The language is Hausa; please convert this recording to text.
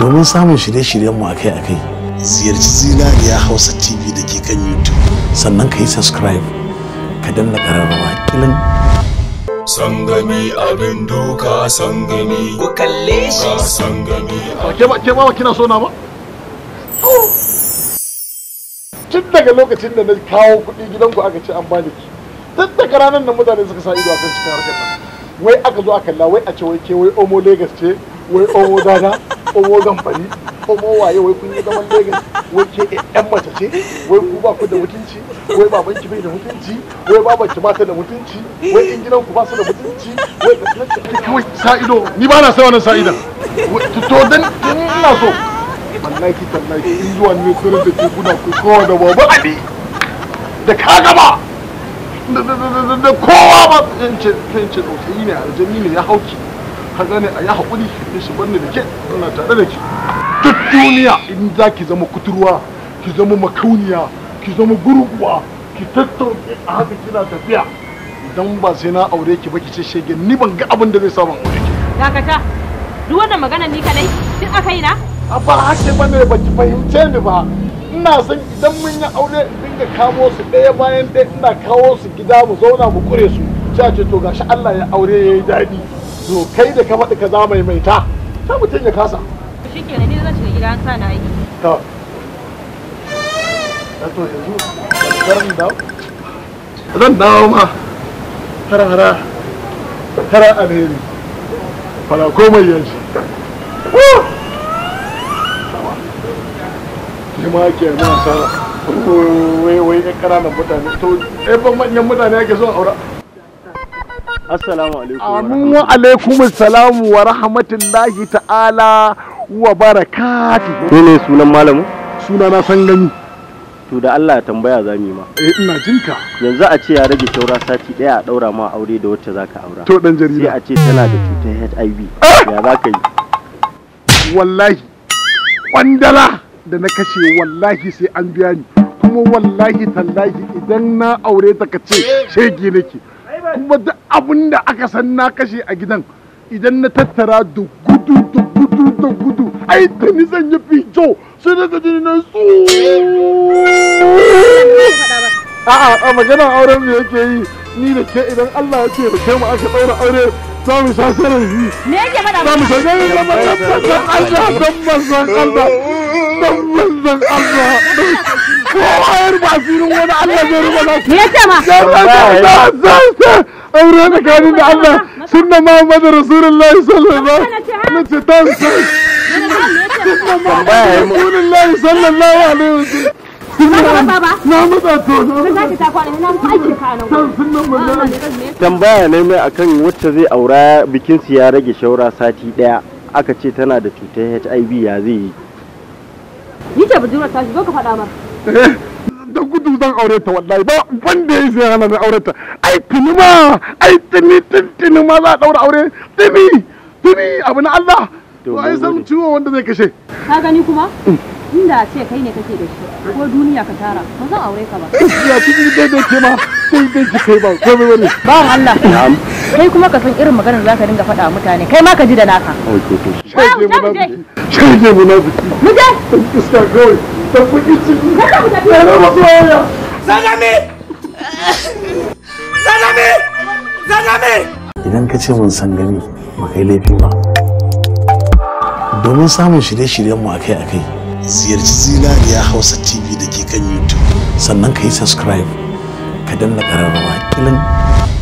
domin samun shirye-shiryenmu a kai-a kai ziyarci zinariya hausa tv da ke kan youtube sannan ka yi subscribe ka danna ƙararrawa kilin sangami abin doka sangami ku kalle shi sangami ke ba kina so na ba tun daga lokacin da na kawo kuɗi gidanku aka ce an bani ki tun daga ranar nan mutane suka sa ido akan cikin harkar wai aka zo a kalla wai a ce wai ke wai omo legas ce wai omo dana komo gamfani komo waye wai kun yi zaman legas wai ke yan mace ce wai ku ba ku da mutunci wai baban ki bai da mutunci wai baban ki ba ta da mutunci wai in ku ba su da mutunci wai kawai sa'ido ni ba na sa wannan to dan ina so wallahi tallahi in zuwa ne kurin da ke kuna ku kowa da da ka gaba da kowa ba in ce in ce ne ne ya hauki ka gane a yi haƙuri da shi banne da ke ina tare da ki duk duniya in za ki zama kuturwa ki zama makauniya ki zama gurguwa ki tattauke a haka kina tafiya idan ba sai na aure ki ba ki ce shege ni ban ga abin da zai sa ban aure ki dakata duk wannan magana ni kadai duk a kaina a ba hake bane ba ki fahimce ni ba ina san idan mun yi aure in dinga kawo su ɗaya bayan ɗaya ina kawo su gida mu zauna mu kure su sai a ce to gashi Allah ya aure ya yi daɗi to kai da ka faɗi ka za mai mai ta ta mutum ya kasa shi ke ne zan shiga gida sa na zan dawo ma harara alheri fara komai yanzu ni ma ke sara wai wai ƙananan mutane to ɗaya manyan mutane ake zuwa aura Assalamu alaikum. wa alaikum salamu wa rahmatullahi ta'ala wa barakatuhu. Ne ne sunan malamu? Suna na san gani. To da Allah tambaya za mu ma. Eh ina jinka. Yanzu a ce ya rage saura sati daya a daura ma aure da wacce zaka aura. To dan jarida. Sai a ce tana da cutar HIV. Ah! Ya zaka yi? Wallahi. Kwandala da na kashe wallahi sai an biya ni. Kuma wallahi tallahi idan na aure ta ce, shege nake. kuma duk abin da aka san na kashe a gidan idan na tattara da gudu da gudu da gudu ai da ni zan yi fito sai na jini na su a'a a maganar auren da yake yi ni da ke idan Allah ya ce da ke mu aka tsaura aure za mu sha sarari me yake faɗa za mu sha sarari da manzon Allah dan manzon Allah manzon Allah kowa ya ruba asirin wani Allah zai ruba nasu ya ce ma zan zan zan aure tsakanin da Allah sunna Muhammadu Rasulullahi sallallahu alaihi wasallam na ce tan san sunna Muhammadu Rasulullahi sallallahu alaihi wasallam tambaya ne mai akan wacce zai aura su ya rage shaura sati daya aka ce tana da cutar hiv ya zai yi yi ce budurwar tashi zo ka faɗa mara da gudu zan aure ta wallahi ba ban da yi sai hana na aure ta ai tuni ma ai tuni tuni ma za a daura aure tuni tuni abu na Allah to ai san ciwo wanda zai kashe ka gani kuma mm. inda ce kai ne kake da shi ko duniya ka tara ba zan aure ka ba ya kiki daidai ke ma daidai ki kai ba ko bai bane ba Allah na'am kai kuma ka san irin maganar zaka dinga faɗa mutane kai ma ka ji da naka okay to shege munafiki shege munafiki mu je iska kawai da kuɗi idan ka ce mun san gani ba kai laifi ba domin samun shirye shiryen mu akai-akai ziyarci zinariya hausa tv da ke kan youtube sannan ka yi subscribe ka danna ƙararrawa kilin